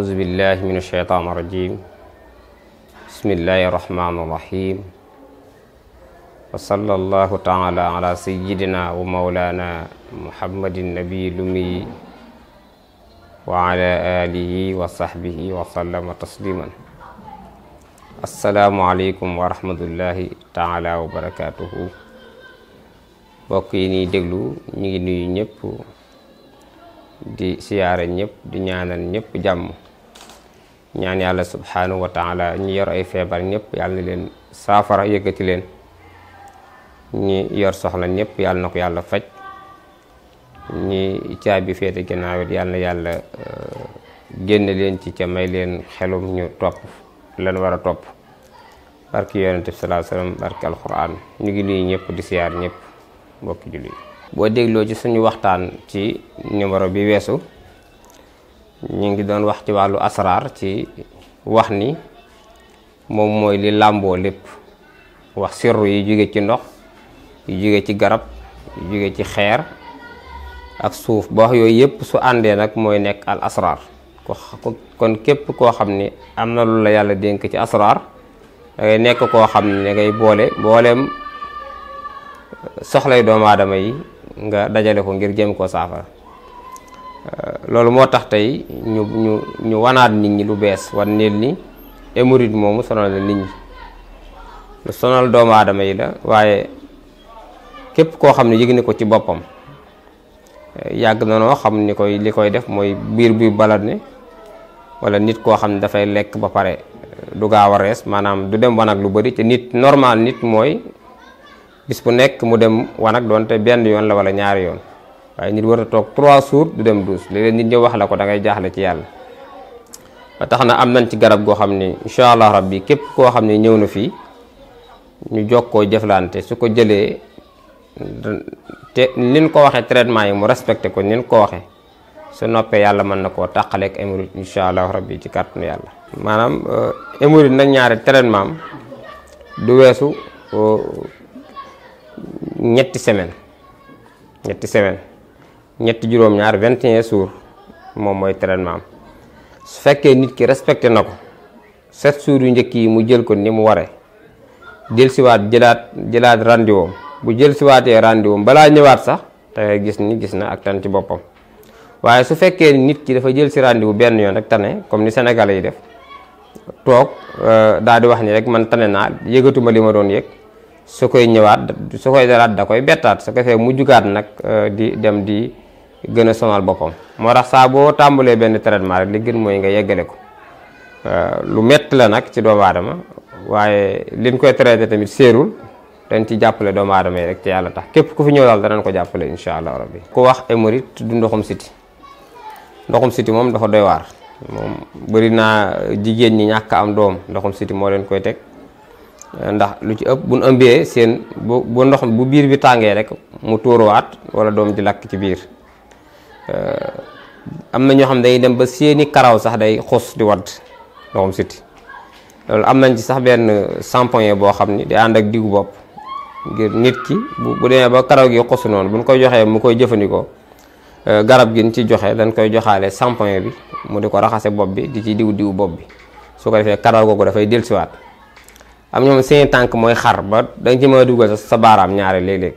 أعوذ بالله من الشيطان الرجيم بسم الله الرحمن الرحيم وصلى الله تعالى على سيدنا ومولانا محمد النبي لمي وعلى آله وصحبه وسلم تسليما السلام عليكم ورحمة الله تعالى وبركاته mbokk دلو نيني نيبو دي سيارة نيب دي نيانا نيب جامو ñaan yàlla subhanahu wa taala ñi yor ay feebar ñëpp yàlla leen saafara yëkkati leen ñi yor soxla ñëpp yàlla na ko yàlla faj ñi caabi féete ginnaaw it yàlla na yàlla euh, leen ci ca may leen xelum ñu topp lan war a topp barki yonent bi salaa salaam barki alquran ñu ngi nuyu ñëpp di siyaar ñëpp mbokki julli boo dégloo ci suñu waxtaan ci numéro bi weesu ñi ngi doon wax ci walu asrar ci wax ni moom mooy li lambo lépp wax sirru yi jóge ci ndox yi jóge ci garab yi jóge ci xeer ak suuf ba wax yooyu yépp su àndee nag mooy nekk al asrar ko kon képp koo xam ni am na lu la yàlla dénk ci asrar da ngay nekk koo xam ne da ngay boole booleem soxlay doomu aadama yi nga dajale ko ngir jëm ko saafara Euh, loolu moo tax tey ñu ñu ñu wanaat nit ñi lu bees wan nit ñi hémorroïde moomu sonal la nit ñi lu sonal doomu aadama yi la waaye képp koo xam ne yëg ni ko ci boppam euh, yàgg na noo xam ni koy li koy def mooy biir buy balad ne wala nit koo xam ne dafay lekk ba pare euh, du gaaw a rees maanaam du dem wanag lu bari te nit normal nit mooy bis bu nekk mu dem wanag doonte benn yoon la wala ñaari yoon waaye nit war a toog trois jours du dem duus léeg-léeg nit ñëw wax la ko dangay ngay jaaxle ci yàlla ba tax na am nañ ci garab goo xam ne incha allah rabbi képp koo xam ne ñëw na fii ñu jokkoo jëflante su ko jëlee te nin ko waxee traitement yi mu respecté ko nin ko waxee su noppee yàlla mën na koo tàqaleeg hémorroïde incha allah rabbi ci kàttanu yàlla. maanaam euh, hémorroïde nag ñaari traitement am du weesu euh, ñetti semaine ñetti semaine. ñetti juroom ñaar 21 jours momoi moy traitement su fekke nit ki respecté nako ko sept jours yu ñëk yi mu jël ko ni mu waré jël siwaat jëlaat jëlaat rendez-vous bu jël siwaatee rendez-vous bala ñëwaat sax da ngay gis ni gis na ak tan ci bopam waye su fekke nit ki dafa jël si rendez-vous yon yoon rek tane comme ni Sénégalais yi def euh daal di wax ni rek man tané na yëgatuma lima doon yëg su ñëwaat su dara da koy bettaat su fe mu jugaat nak euh, di dem di gëna sonal boppam mo tax sa bo tambulé ben traitement rek li gën moy nga yeggalé ko euh, lu metti la nak ci doom aadama waye liñ koy traité tamit sérul dañ ci jappalé doom aadama rek ci yalla tax képp ku fi ñëw daal danañ ko jappalé inshallah rabbi ku wax émorite du ndoxum siti ndoxum siti mom dafa doy war mom bari na jigéen ñi ñàkk am doom ndoxum siti mo leen koy tek ndax lu ci ëpp buñ ëmbé seen bu ndox bu biir bi tangé rek mu tuuruwaat wala doom ji lak ci biir Euh, am na ñoo xam day dem ba seeni karaw sax day xus di wadd loolu am nañ ci sax benn shampoing boo xam ni day ànd ak diw bopp ngir nit ki bu bu demee ba karaw gi xusu noonu bu buñ koy joxee mu koy jëfandikoo euh, garab gi ñu ci joxe dañ koy joxaale shampoing bi mu di ko raxase bopp bi di ci diw diw bopp bi su ko defee karaw googu dafay dellusiwaat am ñoom seen tànk mooy xar ba danga ci mën a dugal sa baaraam ñaare léeg-léeg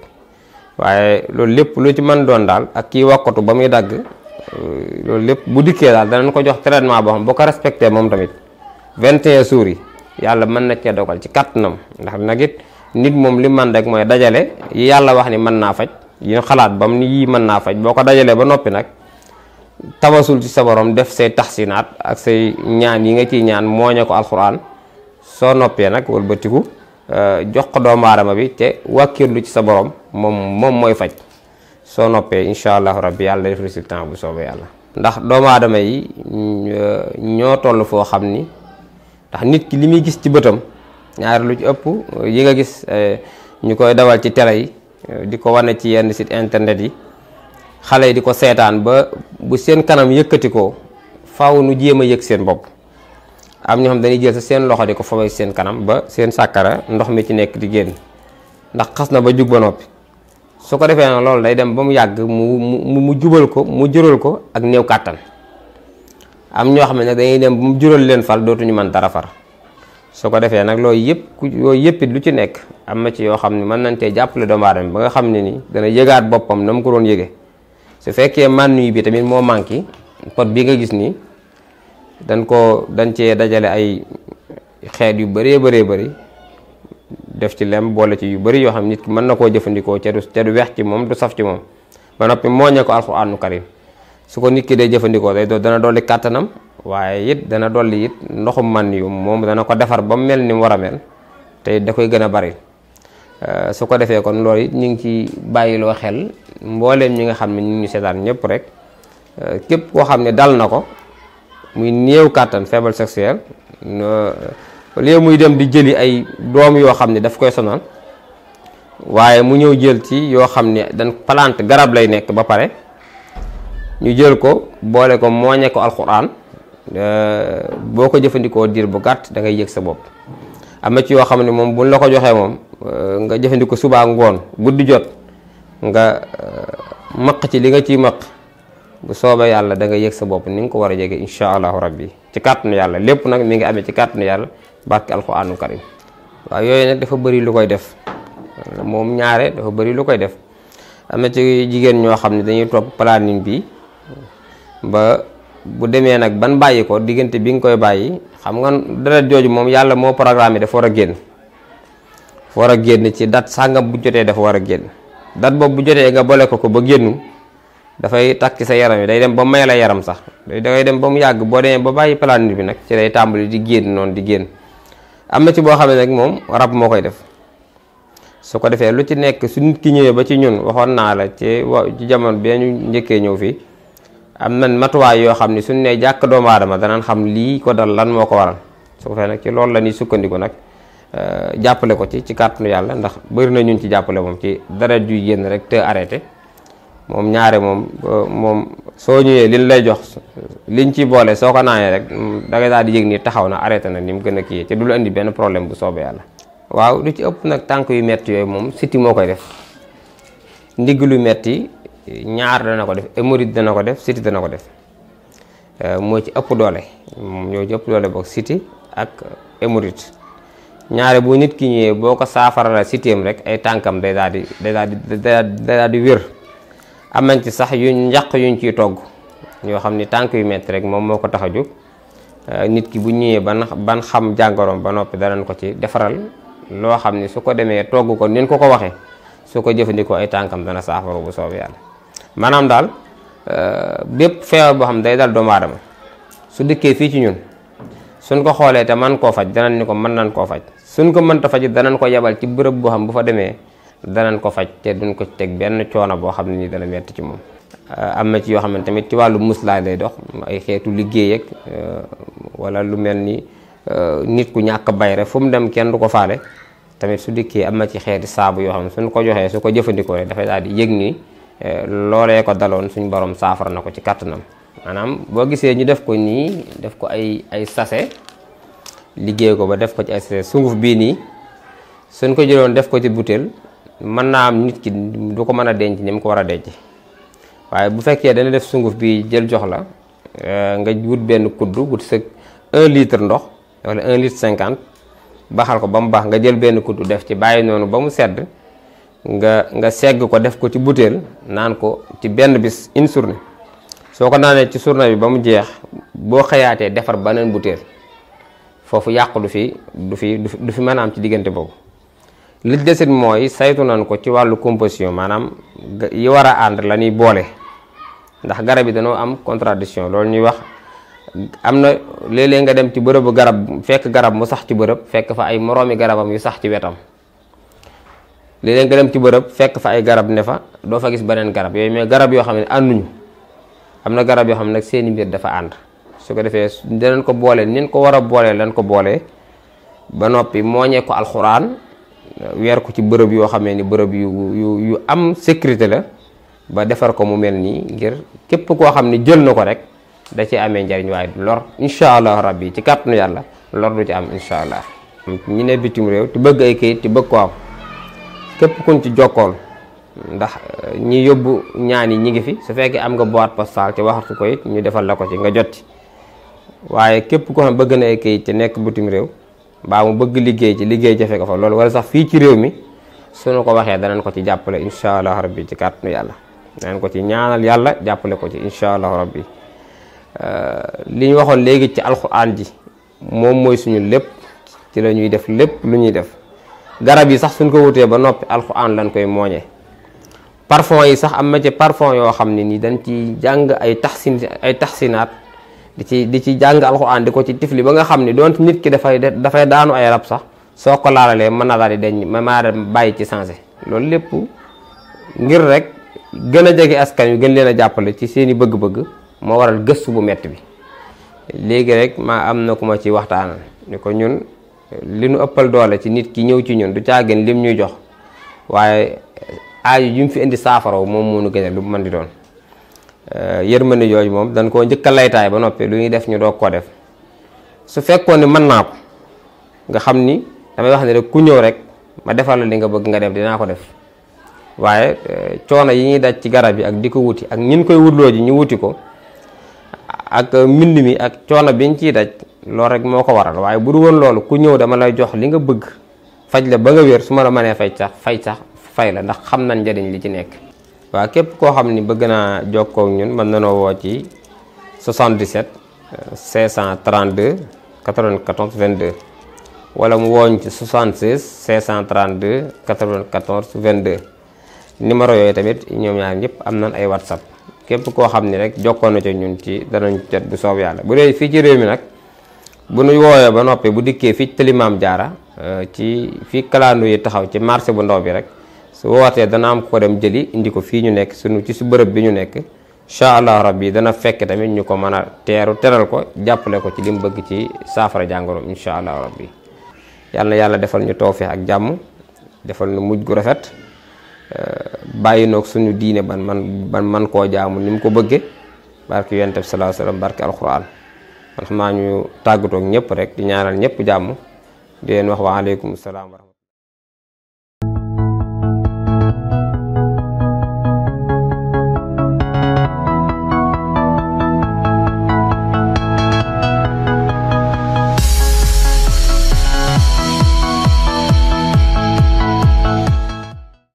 waaye loolu lépp lu ci mën doon daal ak kii wakkatu ba muy dagg euh, loolu lépp bu dikkee daal danañ ko jox traitement boo xam boo ko respecté moom tamit 21 jours yi yàlla mën na cee dogal ci kattanam ndax nag it nit moom li man rek mooy dajale yi yàlla wax ni mën naa faj yi xalaat bam nit yii mën naa faj boo ko dajalee ba noppi nag tawasul ci sa borom def say taxsinaat ak say ñaan yi nga ciy ñaan mooñe ko alxuraan soo noppee nag wëlbatiku Euh, jox ko doomu aadama bi te wàkkirlu ci sa borom moom moom mooy faj soo noppee incha allahu rabbi yàlla def résultat bu soobee yàlla. ndax doomu aadama yi euh, ñoo toll foo xam ni ndax nit ki li muy gis ci bëtam ñaari lu ci ëpp yi nga gis euh, ñu koy dawal ci tele yi di ko wane ci yenn sit internet yi xale yi di ko seetaan ba bu seen kanam yëkkati ko faw nu jéem a yëg seen bopp. am ñoo xam dañuy jël sa seen loxo di ko fobay seen kanam ba seen sàkkara ndox mi ci nekk di génn ndax xas na ba jug ba noppi su ko defee nag loolu day dem ba mu yàgg mu mu mu jubal ko mu jural ko ak néew kàttan am ñoo xam ne nag dem ba mu jural leen fal dootuñu mën dara far su ko defee nag loolu yëpp ku yooyu yëpp lu ci nekk am na ci yoo xam ne mën nañ cee jàppale doomu aadama ba nga xam ne ni dana yëgaat boppam na mu ko doon yëge su fekkee mànnuy bi tamit moo manqué pot bi nga gis nii dañ ko dañ cee dajale ay xeet yu bëree bëree bari def ci lem boole ci yu bari yoo xam nit ki mën na koo jëfandikoo ca du ca du weex ci moom du saf ci moom ba noppi mooñee ko alxuraanu karim su ko nit ki dee jëfandikoo day dana dolli kàttanam waaye it dana dolli it ndoxum man yu moom dana ko defar ba mu mel ni mu war a mel tey da koy gën a bari euh, su ko defee kon loolu it ñu ngi ci bàyyiloo xel mbooleem ñi nga xam ne ñu ngi seetaan ñëpp rek euh, képp koo xam ne dal na ko muy new kàttan faible sexuelle léegi muy dem di jëli ay doom yoo xam ne daf koy sonal waaye mu ñëw jël ci yoo xam ne dan plante garab lay nekk ba pare ñu jël ko boole ko mooñe ko alxuraan euh, boo ko jëfandikoo diir bu gàtt da ngay yëg sa bopp am ci yoo xam ne moom buñ la ko joxee moom euh, nga jëfandikoo subaa ngoon guddi jot nga euh, maq ci li nga ciy maq bu soobee yàlla da nga yëg sa bopp ni nga ko war a jege incha allahu rabbi ci kàttanu yàlla lépp nag mi ngi amee ci kàttanu yàlla barke alquraanul karim waaw yooyu nag dafa bëri lu koy def moom ñaare dafa bëri lu koy def am na ci jigéen ñoo xam ne dañuy topp planning bi ba bu demee nag ban bàyyi ko diggante bi nga koy bàyyi xam nga dara jooju moom yàlla moo programme dafa war a génn dafa war a génn ci dat sàngam bu jotee dafa war a dat boobu bu nga ko ko ba génnu dafay takki sa yaram yi day dem ba may la yaram sax dangay dem ba mu yàgg boo demee ba bàyyi planète bi nag ci day tàmbali di génn noonu di génn am na ci boo xam ne nag moom rab moo koy def su ko defee lu ci nekk su ki ñëwee ba ci ñun waxoon naa la ci wa ci jamono bi ñu njëkkee ñëw fii am na matuwaay yoo xam ne suñ ne jàkk doomu aadama danaan xam lii ko dal lan moo ko waral su ko fee nag ci loolu la ñuy sukkandiku nag euh, jàppale ko ci ci kàttanu yàlla ndax bëri na ñun ci jàppale moom ci dara juy génn rek te arrêté moom ñaare moom moom soo ñëwee liñ lay jox liñ ci boole soo ko naanee rek dangay daal di yëg ni taxaw na arrêté na ni mu gën a kii te du la indi benn problème bu soobee yàlla. waaw lu ci ëpp nag tànk yu métti yooyu moom siti moo koy def ndigg lu métti ñaar dana ko def hémorroïde dana ko def siti dana ko def euh, moo ci ëpp doole moom ñoo ëpp doole boog siti ak hémorroïde ñaare bu nit ki ñëwee boo ko saafara la sitiam rek ay tànkam day daal di day di wér. am nañ ci sax yuñ njaq yuñ ciy togg ñoo xam ni tànk yu metti rek moom moo ko tax a jóg euh, nit ki bu ñëwee ba ban xam jàngoroom ba noppi danañ ko ci defaral loo xam ni su ko demee togg ko nin ko ko waxee su ko jëfandikoo ay tànkam dana saafaru bu soob yàlla maanaam daal euh, bépp feebar boo xam day dal doomu aadama su dikkee fii ci ñun suñ ko xoolee te man koo faj danañ ni ko mën nañ koo faj suñ ko mënta faj danañ ko yebal ci bërëb boo xam bu fa demee danañ ko faj te duñ ko teg benn coono boo xam ne nii dana metti ci moom euh, am na ci yoo xam ne tamit ci wàllu muslaa lay dox ay xeetu liggéey ak euh, wala lu mel ni euh, nit ku ñàkk bay rek fu mu dem kenn du ko faale tamit su dikkee am na ci xeeti saabu yoo xam ne suñ ko joxee su ko jëfandikoo rek dafay daal di yëg ni loolee ko daloon suñ boroom saafara na ko ci kattanam maanaam boo gisee ñu def ko nii def ko ay ay sase liggéey ko ba def ko ci ay sase sunguf bii nii suñ ko jëloon def ko ci butéel man na am nit ki du ko meuna denc ni ko wara denc waye bu fekkee dana def sunguf bi jël jox la euh, nga wut ben kuddu wut sa 1 litre ndox wala 1 litre 50 baxal ko bam bax nga jël ben kuddu def ci baye nonu bamu sedd nga nga segg ko def ko ci bouteille nan ko ci ben bis une journée soko nané ci journée bi bamu jeex bo xëyaatee defar banen bouteille fofu yàq fi du fi du fi manam ci digënté bobu li desit mooy saytu nañ ko ci wàllu composition maanaam yi war a ànd la ñuy boole ndax garab yi dañoo am contradiction loolu ñuy wax am na léeg nga dem ci bërëbu garab fekk garab mu sax ci bërëb fekk fa ay moroomi garabam yu sax ci wetam léeg-léeg dem ci bërëb fekk fa ay garab ne fa doo fa gis beneen garab yooyu mais garab yoo xam ne ànduñu am na garab yoo xam ne nag seeni mbir dafa ànd su ko defee dinañ ko boole nin ko war a boolee lañ ko boolee ba noppi moo ko alxuraan weer ko ci bërëb yoo xamee ni bërëb yu yu yu am sécurité la ba defar ko mu mel nii ngir képp koo xam ne jël na ko rek da ci amee njariñ waaye du lor incha allah yi ci kàttanu yàlla lor du ci am incha allah. ñu ne bitim réew te bëgg ay kayit te bëgg ko am képp kuñ ci jokkool ndax eh, ñi yóbbu ñaan yi ñi ngi fi su fekkee am nga boîte postale ci wax ko it ñu defal la ko ci nga jot ci waaye képp ko xam bëgg na ay kayit te nekk butim réew. ba mu bëgg liggéey ci liggéey jafe ko fa loolu wala sax fii ci réew mi suñu ko waxee danañ ko ci jàppale incha allah rabbi ci kàttanu yàlla danañ ko ci ñaanal yàlla jàppale ko ci incha allah rabbi li ñu waxoon léegi ci alquran ji moom mooy suñu lépp ci la ñuy def lépp lu ñuy def garab yi sax suñ ko wutee ba noppi alquran lañ koy mooñee parfum yi sax am na ci parfum yoo xam ne ni dañ ci jàng ay taxsin ay taxsinaat di ci di ci jàng alxuraan di ko ci tifli ba nga xam ni doon nit ki dafay dafay daanu ay rab sax soo ko laalalee mën a daal di deñ ma maa bàyyi ci changé loolu lépp ngir rek gën a jege askan wi gën leen a jàppale ci seeni bëgg-bëgg moo waral gëstu bu metti bi léegi rek maa am na ku ma ci waxtaanal ni ko ñun li nu ëppal doole ci nit ki ñëw ci ñun du caa gën lim ñuy jox waaye aaju ju mu fi indi saafara moom moo nu gënal lu mu mën di doon Euh, yërmande jooju moom dañ koo njëkk laytaay ba noppee lu ñuy def ñu doog koo def su fekkoon ne mën naa ko nga xam ni damay wax ne rek ku ñëw rek ma defal la li nga bëgg nga dem dinaa ko def waaye euh, coono yi ñuy daj ci garab yi ak di ko wuti ak ñin koy wutloo ji ñu wuti ko ak mbind mi ak coono biñ ciy daj loolu rek moo ko waral waaye bu du woon loolu ku ñëw dama lay jox li nga bëgg faj la ba nga wér su ma la manee fay sax fay sax fay la ndax xam nañ njariñ li ci nekk waaw képp koo xam ni bëgg naa jokkoo ak ñun mën nanoo woo ci 77 532 94 22 wala mu wooñ ci 76 532 94 22 numéro yooyu tamit ñoom ñaar ñëpp am nañ ay whatsapp képp koo xam ni rek jokkoo na ci ñun ci danañ jot bu soob yàlla bu dee fii ci réew mi nag bu nu wooyee ba noppee bu dikkee fii ci tëlimaam jaara euh, ci fii kalaandu yi taxaw ci marché bu ndaw bi rek su wootee dana am ko dem jëli indi ko fii ñu nekk suñu ci su bërëb bi ñu nekk incha allah rabbi dana fekke tamit ñu ko man a teeru teral ko jàppale ko ci lim mu bëgg ci saafara jàngoroom incha allah rabbi yàlla yàlla defal ñu tawfeex ak jàmm defal nu mujj gu rafet euh, bàyyi noog suñu diine ban man ban man koo jaamu ni mu ko bëggee barke yonent bi sallallahu alayhi wasallam barke man xam ñu tàggatoog ñëpp rek di ñaanal ñëpp jàmm di leen wax wa salaam